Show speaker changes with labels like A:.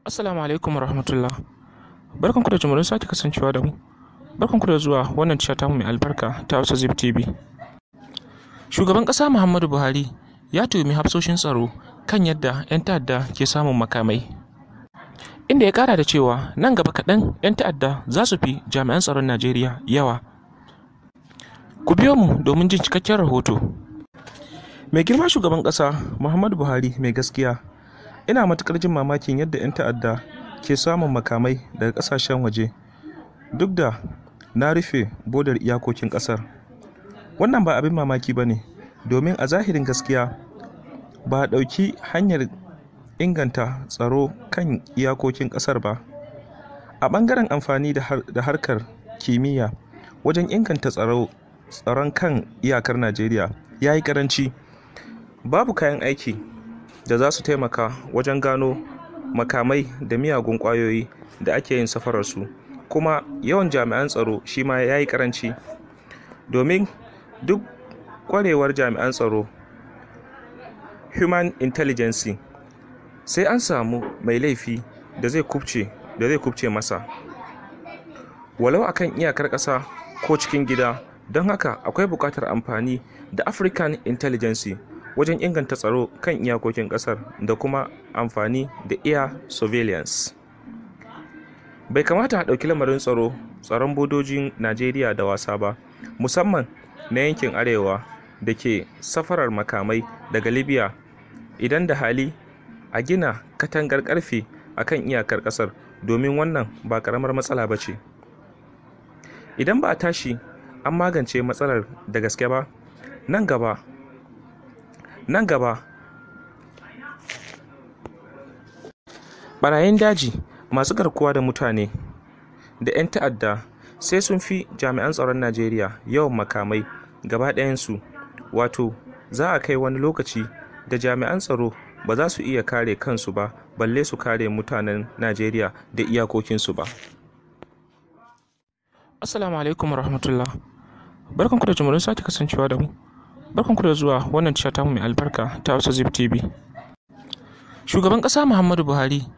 A: Assalamu alaikum warahmatullah. Barkan ku da jimurin sake kasancewa da mu. Barkan ku da zuwa wannan cewa ta mai albarka ta Hausa Zip TV. Shugaban ƙasa Muhammadu Buhari ya tuhumi hafsoshin tsaro kan yadda 'yan ta'adda ke samun makamai. Inda ya kara da cewa nan gaba kaɗan 'yan ta'adda za su fi jami'an tsaron Najeriya yawa. Ku biyo mu domin jin cikakken rahoto. Mai girma shugaban ƙasa Muhammadu Buhari mai gaskiya ina matukar jin mamakin yadda 'yan ta'adda ke samun makamai daga ƙasashen waje duk da na rufe bodar iyakokin ƙasar wannan ba abin mamaki ba ne domin a zahirin gaskiya ba a ɗauki hanyar inganta tsaro kan iyakokin ƙasar ba a ɓangaren amfani da harkar kimiyya wajen inganta tsaron kan iyakar najeriya ya yi ƙaranci babu kayan aiki da za su taimaka wajen gano makamai da miyagun kwayoyi da ake yin safararsu kuma yawan jami'an tsaro shi ma ya yi ƙaranci domin duk kwarewar jami'an tsaro human intelligence sai an samu mai laifi da zai kubce da zai kubce masa walau akan iyakar ƙasa ko cikin gida don haka akwai buƙatar amfani da african intelligence wajen inganta tsaro kan iyakokin ƙasar da kuma amfani da iya surveillance bai kamata a ɗauki lamarin tsaro tsaron bodojin najeriya da wasa ba musamman na yankin arewa da ke safarar makamai daga libya idan da hali a gina katangar karfe a kan iyakar ƙasar domin wannan ba karamar matsala ba ce idan ba a tashi an magance matsalar da gaske ba nan gaba nan gaba barayin daji masu garkuwa da mutane da 'yan ta'adda sai sun fi jami'an tsaron najeriya yawan makamai gaba wato za a kai wani lokaci da jami'an tsaro ba za su iya kare kansu ba balle su kare mutanen najeriya da iyakokinsu ba assalamu alaikum warahmatullah barkanku da jimurin sake kasancewa da mu barkan ku da zuwa wannan tashar tamu mai albarka ta wasu Zip TV. Shugaban ƙasa Muhammadu Buhari